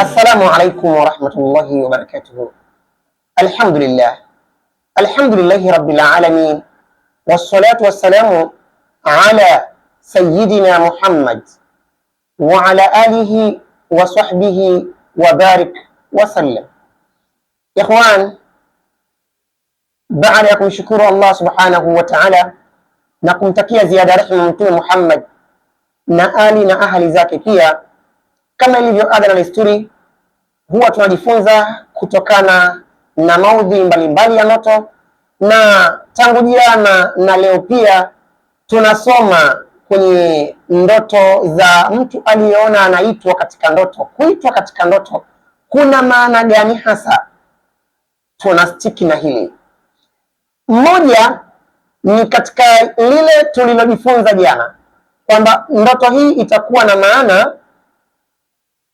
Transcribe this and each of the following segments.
السلام عليكم ورحمة الله وبركاته الحمد لله الحمد لله رب العالمين والصلاة والسلام على سيدنا محمد وعلى آله وصحبه وبارك وسلم إخوان بعد أن شكر الله سبحانه وتعالى na kumtakia ziada rehma Mtume Muhammad na ali na ahali zake. Pia kama ilivyo ada na desturi, huwa tunajifunza kutokana na maudhi mbalimbali ya ndoto, na tangu jana na leo pia tunasoma kwenye ndoto za mtu aliyeona anaitwa katika ndoto. Kuitwa katika ndoto kuna maana gani hasa? Tunastiki na hili. Mmoja ni katika lile tulilojifunza jana kwamba ndoto hii itakuwa na maana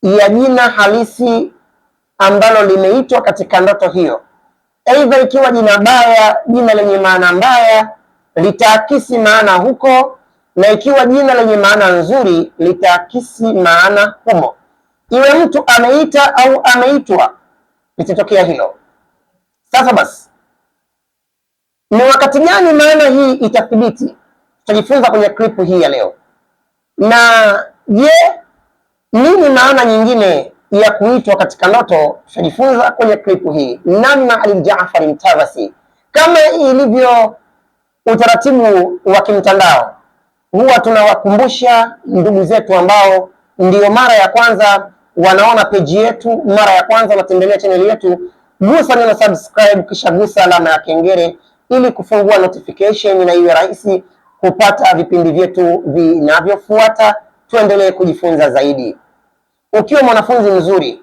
ya jina halisi ambalo limeitwa katika ndoto hiyo, aidha ikiwa jina baya, jina lenye maana mbaya litaakisi maana huko, na ikiwa jina lenye maana nzuri litaakisi maana humo, iwe mtu ameita au ameitwa, litatokea hilo. Sasa basi ni wakati gani maana hii itathibiti? Tutajifunza kwenye klipu hii ya leo. Na je, nini maana nyingine ya kuitwa katika ndoto? Tutajifunza kwenye klipu hii namna Alimjaafari Mtavassy, kama ilivyo utaratibu wa kimtandao, huwa tunawakumbusha ndugu zetu ambao ndio mara ya kwanza wanaona peji yetu, mara ya kwanza wanatembelea chaneli yetu, gusa neno subscribe, kisha gusa alama ya kengele ili kufungua notification na iwe rahisi kupata vipindi vyetu vinavyofuata. Tuendelee kujifunza zaidi. Ukiwa mwanafunzi mzuri,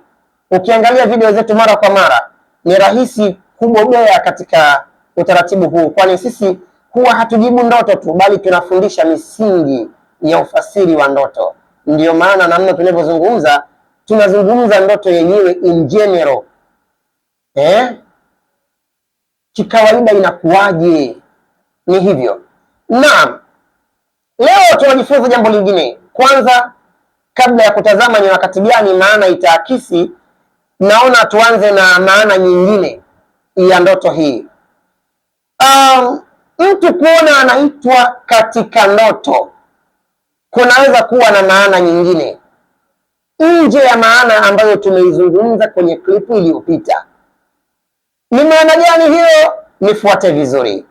ukiangalia video zetu mara kwa mara, ni rahisi kubobea katika utaratibu huu, kwani sisi huwa hatujibu ndoto tu, bali tunafundisha misingi ya ufasiri wa ndoto. Ndiyo maana namna tunavyozungumza, tunazungumza ndoto yenyewe in general eh? kikawaida inakuwaje? Ni hivyo. Naam, leo tunajifunza jambo lingine. Kwanza, kabla ya kutazama ni wakati gani maana itaakisi, naona tuanze na maana nyingine ya ndoto hii. Um, mtu kuona anaitwa katika ndoto kunaweza kuwa na maana nyingine nje ya maana ambayo tumeizungumza kwenye klipu iliyopita. Ni maana gani hiyo? Nifuate vizuri.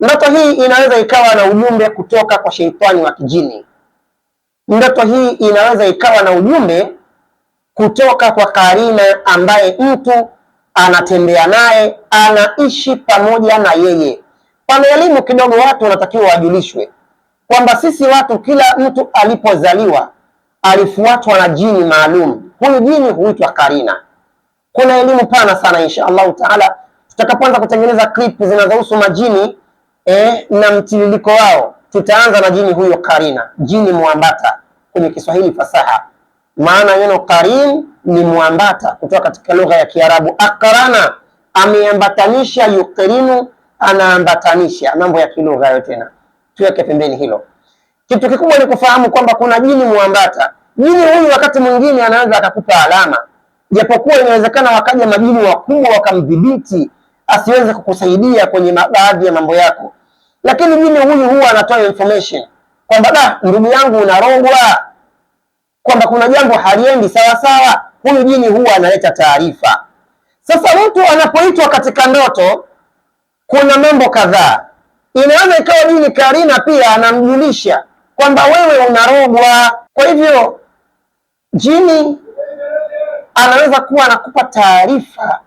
Ndoto hii inaweza ikawa na ujumbe kutoka kwa sheitani wa kijini. Ndoto hii inaweza ikawa na ujumbe kutoka kwa karina ambaye mtu anatembea naye, anaishi pamoja na yeye. Pana elimu kidogo, watu wanatakiwa wajulishwe kwamba sisi watu, kila mtu alipozaliwa alifuatwa na jini maalum. Huyu jini huitwa karina. Kuna elimu pana sana insha Allahu taala, tutakapoanza kutengeneza clip zinazohusu majini eh, na mtiririko wao, tutaanza na jini huyo karina, jini mwambata kwenye Kiswahili fasaha. Maana neno karin ni mwambata kutoka katika lugha ya Kiarabu, akarana ameambatanisha, yuqrinu anaambatanisha, mambo ya kilugha hayo. Tena tuweke pembeni hilo. Kitu kikubwa ni kufahamu kwamba kuna jini mwambata. Jini huyu wakati mwingine anaweza akakupa alama japokuwa inawezekana wakaja majini wakubwa wakamdhibiti asiweze kukusaidia kwenye baadhi ya mambo yako, lakini mimi huyu huwa anatoa information kwamba da, ndugu yangu unarogwa, kwamba kuna jambo haliendi sawa sawa. Huyu jini huwa analeta taarifa. Sasa mtu anapoitwa katika ndoto, kuna mambo kadhaa. Inaweza ikawa jini Karina pia anamjulisha kwamba wewe unarogwa. Kwa hivyo jini anaweza kuwa anakupa taarifa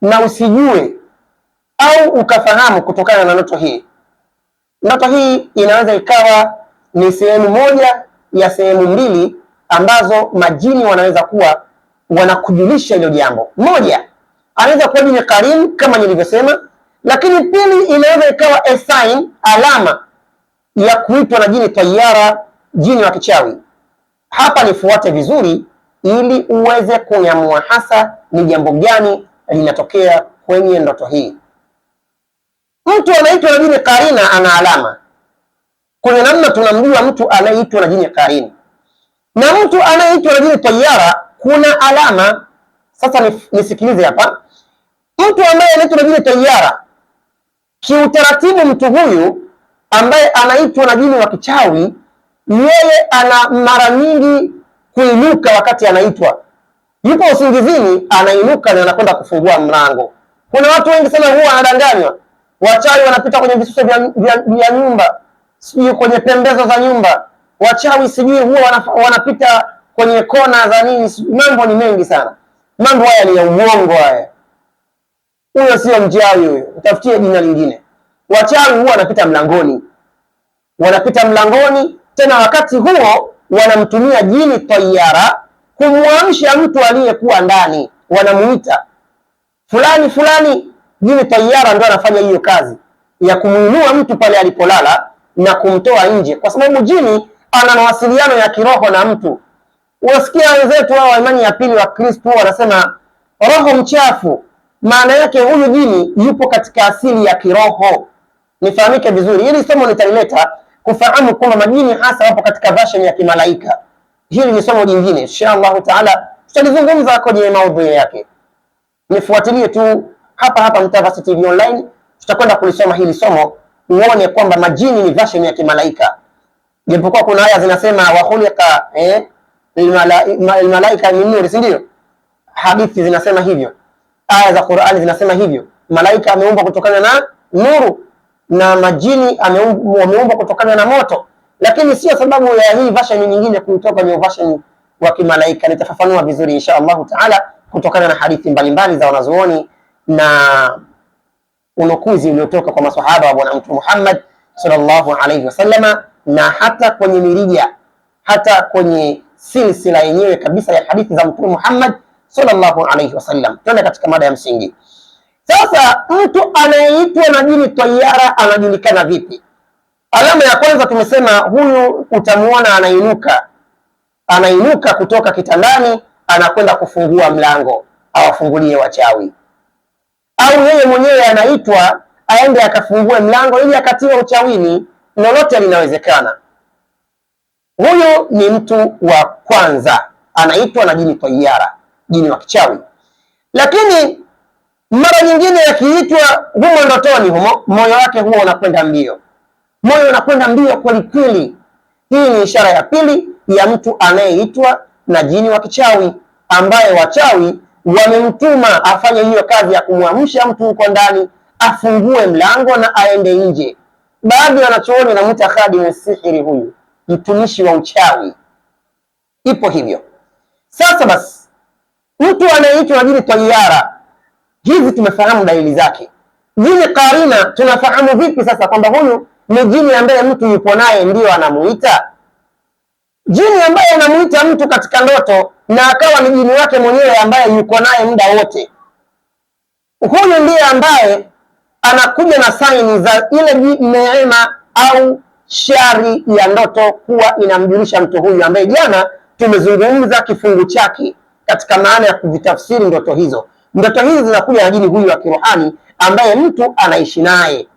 na usijue au ukafahamu kutokana na ndoto hii. Ndoto hii inaweza ikawa ni sehemu moja ya sehemu mbili ambazo majini wanaweza kuwa wanakujulisha hilo jambo. Moja, anaweza kuwa ni karim kama nilivyosema, lakini pili, inaweza ikawa a sign, alama ya kuitwa na jini tayara, jini wa kichawi. Hapa nifuate vizuri ili uweze kuyamua hasa ni jambo gani linatokea kwenye ndoto hii. Mtu anaitwa na jina karina ana alama. kwenye namna tunamjua mtu anayeitwa na jina karina na mtu anayeitwa na jina tayara kuna alama. Sasa nisikilize hapa, mtu ambaye anaitwa na jina tayara, kiutaratibu mtu huyu ambaye anaitwa na jina wa kichawi, yeye ana mara nyingi kuinuka wakati anaitwa, yupo usingizini, anainuka na anakwenda kufungua mlango. Kuna watu wengi sana huwa wanadanganywa, wachawi wanapita kwenye visuso vya nyumba, sijui kwenye pembezo za nyumba, wachawi sijui huwa wanapita kwenye kona za nini. Mambo ni mengi sana, mambo haya ni ya uongo haya. Huyo sio mchawi huyo, mtafutie jina lingine. Wachawi huwa wanapita mlangoni, wanapita mlangoni, tena wakati huo wanamtumia jini tayara kumwamsha mtu aliyekuwa ndani, wanamuita fulani fulani. Jini tayara ndo anafanya hiyo kazi ya kumuinua mtu pale alipolala na kumtoa nje, kwa sababu jini ana mawasiliano ya kiroho na mtu. wasikia wenzetu hao wa imani ya pili wa Kristo wanasema roho mchafu, maana yake huyu jini yupo katika asili ya kiroho. Nifahamike vizuri, hili somo nitalileta kufahamu kwamba majini hasa wapo katika version ya kimalaika. Hili ni somo jingine, inshallah taala tutalizungumza kwenye maudhui yake. Nifuatilie tu hapa hapa Mtavassy TV online, tutakwenda kulisoma hili somo uone kwamba majini ni version ya kimalaika, japokuwa kuna aya zinasema wa khuliqa eh, almalaika min nur, si ndio? Hadithi zinasema hivyo, aya za Qur'ani zinasema hivyo, malaika ameumbwa kutokana na nuru na majini wameumbwa kutokana na moto, lakini sio sababu ya hii version nyingine kuitoa kwenye version wa kimalaika. Nitafafanua vizuri insha Allahu taala kutokana na hadithi mbalimbali za wanazuoni na unukuzi uliotoka kwa maswahaba wa Bwana Mtume Muhammad sallallahu alayhi wasallam, na hata kwenye mirija, hata kwenye silsila yenyewe kabisa ya hadithi za Mtume Muhammad sallallahu alayhi wasallam. Tuende katika mada ya msingi. Sasa mtu anayeitwa na jini tayara anajulikana vipi? Alama ya kwanza tumesema huyu utamuona anainuka, anainuka kutoka kitandani, anakwenda kufungua mlango awafungulie wachawi, au yeye mwenyewe anaitwa aende akafungue mlango ili akatiwa uchawini. Lolote linawezekana. Huyu ni mtu wa kwanza, anaitwa na jini tayara, jini wa kichawi, lakini mara nyingine yakiitwa humo ndotoni humo, moyo wake huwa unakwenda mbio, moyo unakwenda mbio kwelikweli. Hii ni ishara ya pili ya mtu anayeitwa na jini wa kichawi, ambaye wachawi wamemtuma afanye hiyo kazi ya kumwamsha mtu huko ndani, afungue mlango na aende nje. Baadhi ya na wanamwita khadimu sihiri, huyu mtumishi wa uchawi. Ipo hivyo. Sasa basi, mtu anayeitwa na jini tayara Hizi tumefahamu dalili zake. Jini karina tunafahamu vipi sasa kwamba huyu ni jini ambaye mtu yupo naye ndiyo anamuita? Jini ambaye anamuita mtu katika ndoto na akawa ni jini wake mwenyewe ambaye yuko naye muda wote, huyu ndiye ambaye anakuja na saini za ile neema au shari ya ndoto kuwa inamjulisha mtu huyu ambaye jana tumezungumza kifungu chake katika maana ya kuvitafsiri ndoto hizo. Ndoto hizi zinakuja ajili huyu wa kiruhani ambaye mtu anaishi naye.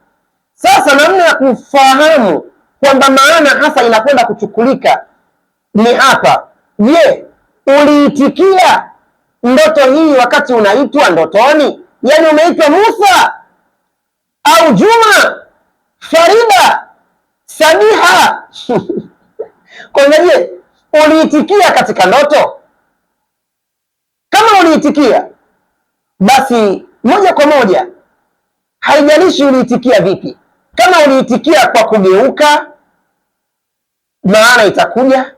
Sasa namna ya kufahamu kwamba maana hasa inakwenda kuchukulika ni hapa. Je, uliitikia ndoto hii wakati unaitwa ndotoni? Yaani umeitwa Musa au Juma, Farida, Samiha kwanza. Je, uliitikia katika ndoto? Kama uliitikia basi moja kwa moja, haijalishi uliitikia vipi. Kama uliitikia kwa kugeuka, maana itakuja,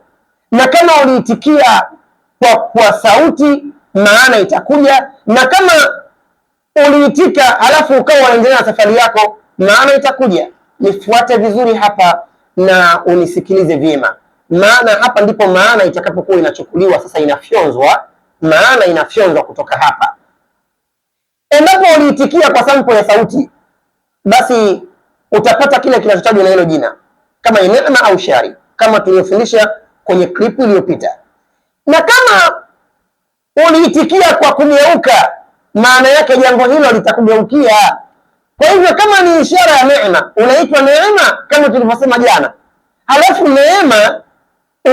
na kama uliitikia kwa, kwa sauti, maana itakuja, na kama uliitika halafu ukawa unaendelea na safari yako, maana itakuja. Nifuate vizuri hapa na unisikilize vyema, maana hapa ndipo maana itakapokuwa inachukuliwa sasa, inafyonzwa. Maana inafyonzwa kutoka hapa Endapo uliitikia kwa sampo ya sauti, basi utapata kile kinachotajwa na hilo jina, kama ni neema au shari, kama tulivyofundisha kwenye clip iliyopita. Na kama uliitikia kwa kugeuka, maana yake jambo hilo litakugeukia. Kwa hivyo, kama ni ishara ya neema, unaitwa neema kama tulivyosema jana, halafu neema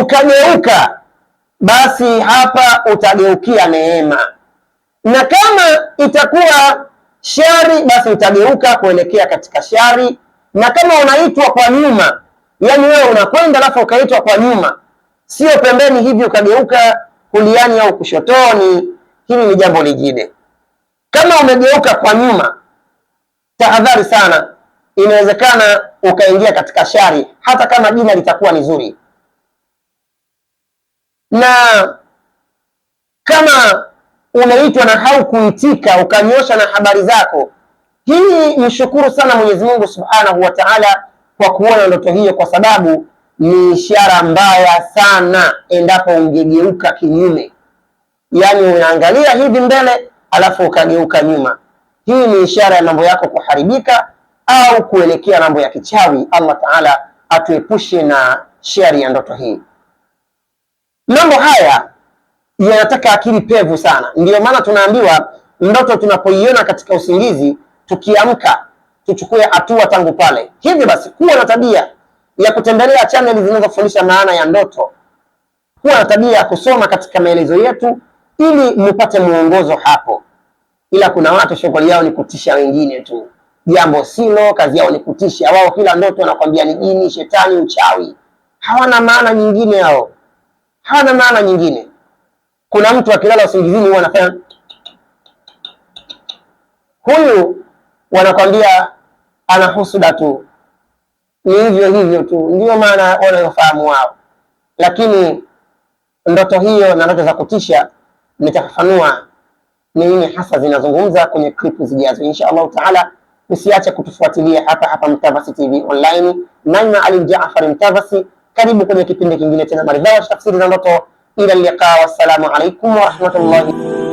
ukageuka, basi hapa utageukia neema na kama itakuwa shari basi utageuka kuelekea katika shari, na kama unaitwa kwa nyuma, yani wewe unakwenda alafu ukaitwa kwa nyuma, sio pembeni hivi ukageuka kuliani au kushotoni, hili ni jambo lingine. Kama umegeuka kwa nyuma, tahadhari sana, inawezekana ukaingia katika shari, hata kama jina litakuwa ni zuri na kama unaitwa na haukuitika ukanyosha na habari zako. Hii mshukuru sana Mwenyezi Mungu Subhanahu wa Ta'ala kwa kuona ndoto hiyo, kwa sababu ni ishara mbaya sana endapo ungegeuka kinyume, yaani unaangalia hivi mbele alafu ukageuka nyuma. Hii ni ishara ya mambo yako kuharibika au kuelekea mambo ya kichawi. Allah Ta'ala atuepushe na shari ya ndoto hii. Mambo haya yanataka akili pevu sana. Ndiyo maana tunaambiwa ndoto tunapoiona katika usingizi, tukiamka tuchukue hatua tangu pale. Hivyo basi, kuwa na tabia ya kutembelea chaneli zinazofundisha maana ya ndoto, kuwa na tabia ya kusoma katika maelezo yetu ili mupate mwongozo hapo. Ila kuna watu shughuli yao ni kutisha wengine tu, jambo silo, kazi yao ni kutisha wao. Kila ndoto wanakwambia ni jini, shetani, uchawi. Hawana maana nyingine yao, hawana maana nyingine. Kuna mtu akilala usingizini huwa anafanya huyu, wanakwambia ana husuda tu, ni hivyo hivyo tu, ndio maana wanayofahamu wao. Lakini ndoto hiyo na ndoto za kutisha nitafafanua ni nini hasa zinazungumza kwenye klipu zijazo, insha Allahu taala. Usiache kutufuatilia hapa hapa Mtavassy TV Online. Naima Ali Jaafari Mtavassy, karibu kwenye kipindi kingine tena maridhawa, tafsiri za ndoto إلى اللقاء والسلام عليكم ورحمة الله